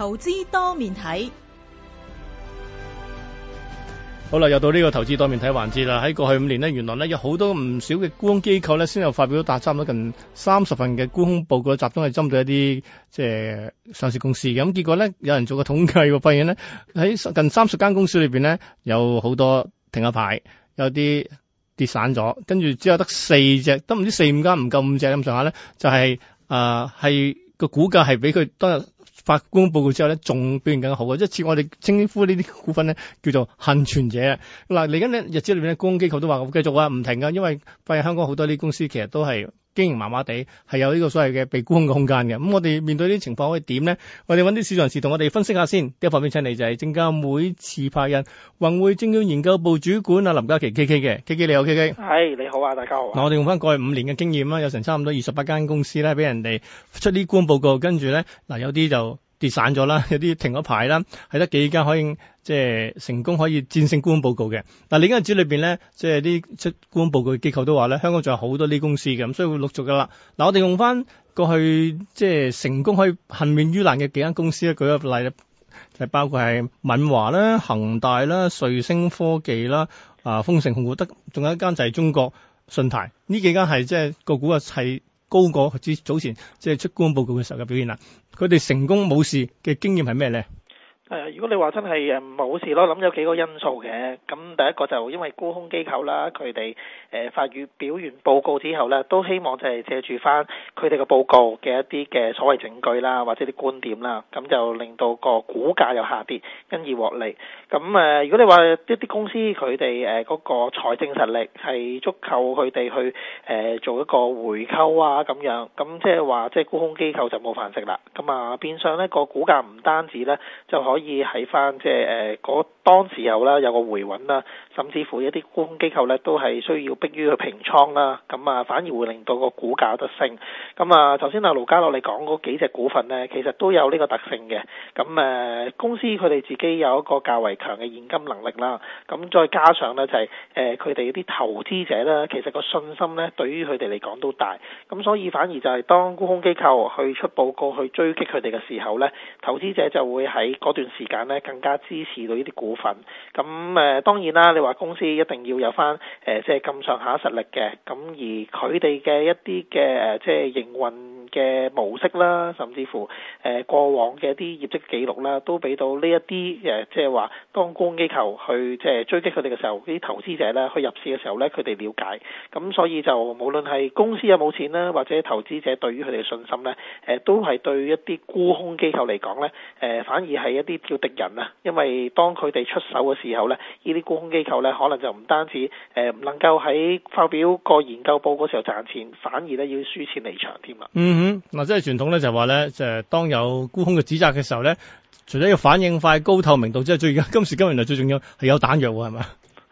投資多面睇，好啦，又到呢個投資多面睇環節啦。喺過去五年呢，原來呢有好多唔少嘅沽空機構呢，先有發表咗達差唔多近三十份嘅沽空報告，集中係針對一啲即係上市公司嘅。咁結果呢，有人做過統計，我發現呢，喺近三十間公司裏邊呢，有好多停咗牌，有啲跌散咗，跟住只有得四隻四，得唔知四五間，唔夠五隻咁上下呢，就係誒係個股價係畀佢當日。沽空報告之後咧，仲表現更好。即係似我哋稱呼呢啲股份咧叫做幸存者。嗱、啊，嚟緊咧日子裏邊咧，沽空機構都話會繼續啊，唔停啊，因為發現香港好多呢啲公司其實都係。經營麻麻地，係有呢個所謂嘅被沽空嘅空間嘅。咁、嗯、我哋面對呢啲情況可以點咧？我哋揾啲市場人士同我哋分析下先。第、這、一、個、方面請你就係證監會持牌人，宏匯證券研究部主管啊林嘉麒 K K 嘅。K K 你好，K K。係，你好啊，大家好。嗱、嗯，我哋用翻過去五年嘅經驗啦，有成差唔多二十八間公司咧，俾人哋出啲沽空報告，跟住咧嗱，有啲就。跌散咗啦，有啲停咗牌啦，係得幾間可以即係成功可以戰勝沽空報告嘅。嗱，另一組裏邊咧，即係啲出沽空報告機構都話咧，香港仲有好多呢公司嘅，咁所以會陸續噶啦。嗱，我哋用翻過去即係成功可以幸免於難嘅幾間公司咧，舉個例就係包括係敏華啦、恒大啦、瑞星科技啦、啊豐盛控股得，仲有一間就係中國信貸。呢幾間係即係個股嘅係。高過早早前即係、就是，出沽空報告嘅時候嘅表現啦。佢哋成功冇事嘅經驗係咩呢？誒，如果你話真係誒冇事咯，諗有幾個因素嘅，咁第一個就因為沽空機構啦，佢哋發表表完報告之後咧，都希望就係借住翻佢哋個報告嘅一啲嘅所謂證據啦，或者啲觀點啦，咁就令到個股價又下跌，因而獲利。咁、呃、如果你話一啲公司佢哋嗰個財政實力係足夠佢哋去、呃、做一個回購啊咁樣，咁即係話即係沽空機構就冇飯食啦，咁啊變相咧、個股價唔單止咧就可以。可以喺翻即係誒嗰當時候啦，有一個回穩啦。甚至乎一啲沽空機構咧，都係需要迫於去平倉啦，咁啊反而會令到個股價得升。咁啊，頭先阿盧家樂你講嗰幾隻股份咧，其實都有呢個特性嘅。咁誒，公司佢哋自己有一個較為強嘅現金能力啦。咁再加上咧就係誒佢哋啲投資者咧，其實個信心咧對於佢哋嚟講都大。咁所以反而就係當沽空機構去出報告去追擊佢哋嘅時候咧，投資者就會喺嗰段時間咧更加支持到呢啲股份。咁誒當然啦，你話。公司一定要有翻誒、呃，即係咁上下實力嘅，咁而佢哋嘅一啲嘅誒，即係營運。嘅模式啦，甚至乎誒過往嘅一啲業績記錄啦，都俾到呢一啲誒，即係話當沽空機構去即係追擊佢哋嘅時候，啲投資者咧去入市嘅時候咧，佢哋了解，咁所以就無論係公司有冇錢啦，或者投資者對於佢哋嘅信心咧，誒都係對一啲沽空機構嚟講咧，誒反而係一啲叫敵人啊，因為當佢哋出手嘅時候咧，呢啲沽空機構咧可能就唔單止誒，唔能夠喺發表個研究報告嗰時候賺錢，反而咧要輸錢離場添啦。嗯。嗯，嗱，即係傳統咧，就係話咧，就係當有沽空嘅指責嘅時候咧，除咗要反應快、高透明度之外，即最而家今時今日嚟最重要係有彈藥，係嘛？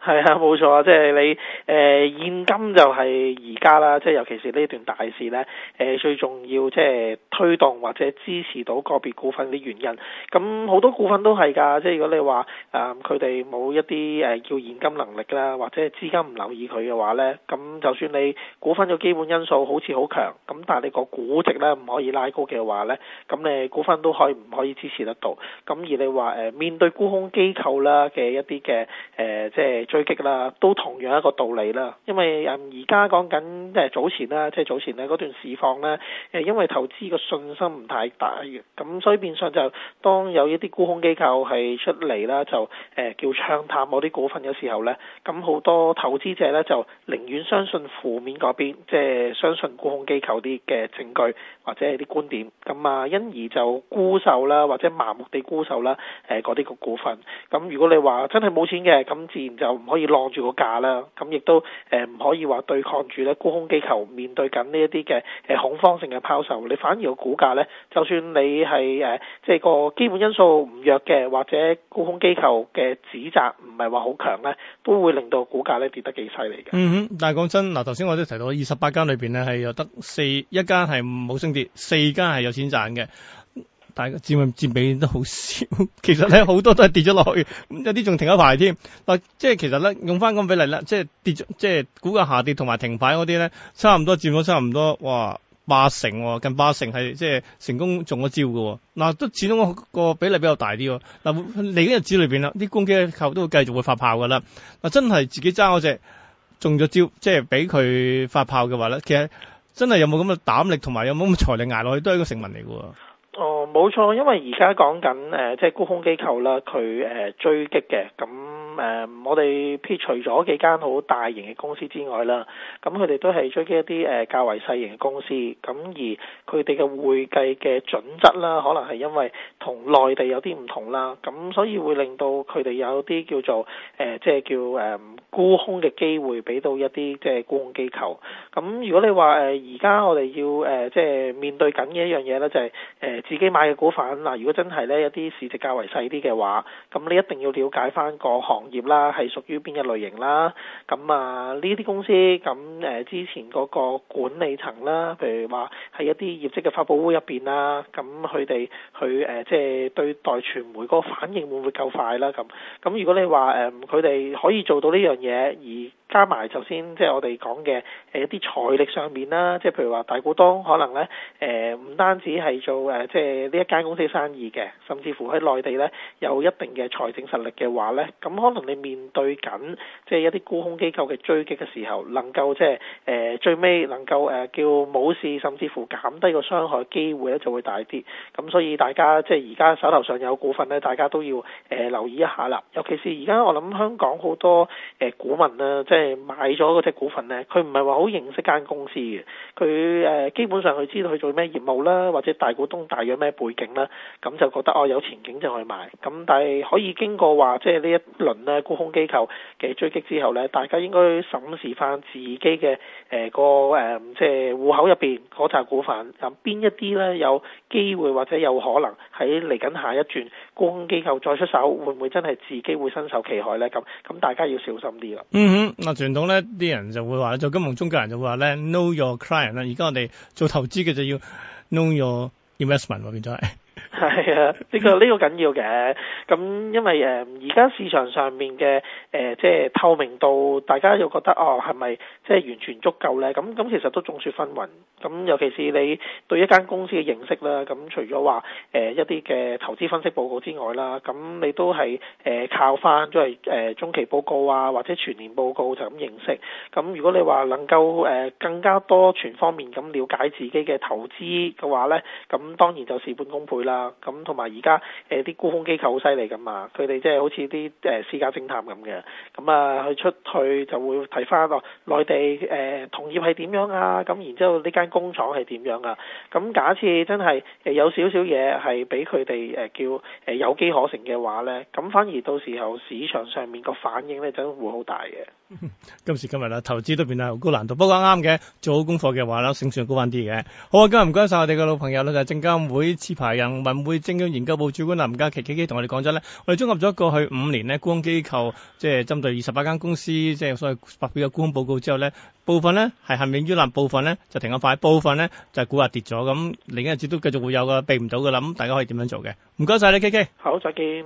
係啊，冇錯啊，即係你誒、呃、現金就係而家啦，即係尤其是呢段大事呢、呃，最重要，即係推動或者支持到個別股份啲原因。咁好多股份都係㗎，即係如果你話啊佢哋冇一啲叫、呃、現金能力啦，或者係資金唔留意佢嘅話呢，咁就算你股份嘅基本因素好似好強，咁但係你個估值呢唔可以拉高嘅話呢，咁你股份都可以唔可以支持得到？咁而你話、呃、面對沽空機構啦嘅一啲嘅、呃、即係最追擊啦，都同樣一個道理啦。因為誒而家講緊誒早前啦，即係早前咧嗰段市況咧，誒因為投資嘅信心唔太大，咁所以變相就當有一啲沽空機構係出嚟啦，就誒叫唱淡某啲股份嘅時候咧，咁好多投資者咧就寧願相信負面嗰邊，即係相信沽空機構啲嘅證據或者係啲觀點，咁啊因而就沽售啦，或者盲目地沽售啦，誒嗰啲個股份。咁如果你話真係冇錢嘅，咁自然就。唔可以晾住個價啦，咁亦都誒唔可以話對抗住咧，沽空機構面對緊呢一啲嘅誒恐慌性嘅拋售，你反而個股價咧，就算你係誒即係個基本因素唔弱嘅，或者沽空機構嘅指責唔係話好強咧，都會令到股價咧跌得幾犀利嘅。嗯哼，但係講真嗱，頭先我都提到二十八間裏邊咧係有得四一間係冇升跌，四間係有錢賺嘅。但係佔比佔比 都好少，其實咧好多都係跌咗落去，咁有啲仲停咗牌添。嗱，即係其實咧用翻個比例啦，即係跌咗、哦，即係股價下跌同埋停牌嗰啲咧，差唔多佔咗差唔多哇八成，近八成係即係成功中咗招嘅、哦。嗱，都始終個比例比較大啲、哦。嗱，嚟緊日子裏邊啦，啲沽空機構都會繼續會發炮㗎啦。嗱，真係自己揸嗰隻中咗招，即係俾佢發炮嘅話咧，其實真係有冇咁嘅膽力同埋有冇咁嘅財力捱落去，都係一個成文嚟㗎。哦，冇錯，因為而家講緊誒，即係沽空機構啦，佢誒、呃、追擊嘅咁。咁、嗯、我哋撇除咗幾間好大型嘅公司之外啦，咁佢哋都係追擊一啲誒較為細型嘅公司，咁而佢哋嘅會計嘅準則啦，可能係因為同內地有啲唔同啦，咁所以會令到佢哋有啲叫做誒，即、呃、係、就是、叫誒、呃、沽空嘅機會俾到一啲即係沽空機構。咁、嗯、如果你話誒而家我哋要誒即係面對緊嘅一樣嘢咧，就係、是、誒、呃、自己買嘅股份嗱、呃，如果真係咧有啲市值較為細啲嘅話，咁你一定要了解翻個行。行業啦，係屬於邊一類型啦？咁啊，呢啲公司咁誒，之前嗰個管理層啦，譬如話係一啲業績嘅發布會入邊啦，咁佢哋去誒，即係對待傳媒個反應會唔會夠快啦？咁咁，如果你話誒，佢哋可以做到呢樣嘢而，加埋頭先，即係我哋講嘅誒一啲財力上面啦，即係譬如話大股東可能咧誒唔單止係做誒即係呢一間公司生意嘅，甚至乎喺內地咧有一定嘅財政實力嘅話咧，咁可能你面對緊即係一啲沽空機構嘅追擊嘅時候，能夠即係誒最尾能夠誒叫冇事，甚至乎減低個傷害機會咧就會大啲。咁所以大家即係而家手頭上有股份咧，大家都要誒留意一下啦。尤其是而家我諗香港好多誒股民啦，即係。誒買咗嗰隻股份呢，佢唔係話好認識間公司嘅，佢誒基本上佢知道佢做咩業務啦，或者大股東大約咩背景啦，咁就覺得哦有前景就去買，咁但係可以經過話即係呢一輪咧沽空機構嘅追擊之後呢，大家應該審視返自己嘅誒個誒即係戶口入邊嗰扎股份，咁邊一啲呢，有機會或者有可能喺嚟緊下一轉公機構再出手，會唔會真係自己會身受其害咧？咁咁大家要小心啲啦。嗯哼，嗱，傳統咧，啲人就會話，做金融中介人就會話咧，know your client 啦。而家我哋做投資嘅就要 know your investment 喎，變咗係。係啊，呢個呢個緊要嘅，咁因為誒而家市場上面嘅誒即係透明度，大家又覺得哦係咪即係完全足夠呢？咁咁其實都眾說紛紜。咁尤其是你對一間公司嘅認識啦，咁除咗話誒一啲嘅投資分析報告之外啦，咁你都係誒靠翻即係誒中期報告啊或者全年報告就咁認識。咁如果你話能夠誒更加多全方面咁了解自己嘅投資嘅話呢，咁當然就事半功倍啦。咁同埋而家啲沽空機構好犀利噶嘛，佢哋即係好似啲、呃、私家偵探咁嘅，咁啊去出去就會睇翻個內地誒、呃、同業係點樣啊，咁、嗯、然之後呢間工廠係點樣啊？咁、嗯、假設真係有少少嘢係俾佢哋叫、呃、有機可乘嘅話咧，咁反而到時候市場上面個反應咧真會好大嘅。今時今日啦，投資都變得好高難度，不過啱嘅做好功課嘅話咧，勝算高翻啲嘅。好啊，今日唔該晒我哋嘅老朋友啦，就係證監會持牌人，會證券研究部主管林嘉麒 K K 同我哋講咗咧，我哋綜合咗過去五年咧，沽空機構即係針對二十八間公司，即係所謂發表嘅沽空報告之後咧，部分咧係幸免於難，部分咧就停咗牌，部分咧就股價跌咗，咁另一日節都繼續會有噶避唔到噶啦，咁大家可以點樣做嘅？唔該晒你 K K，好再見。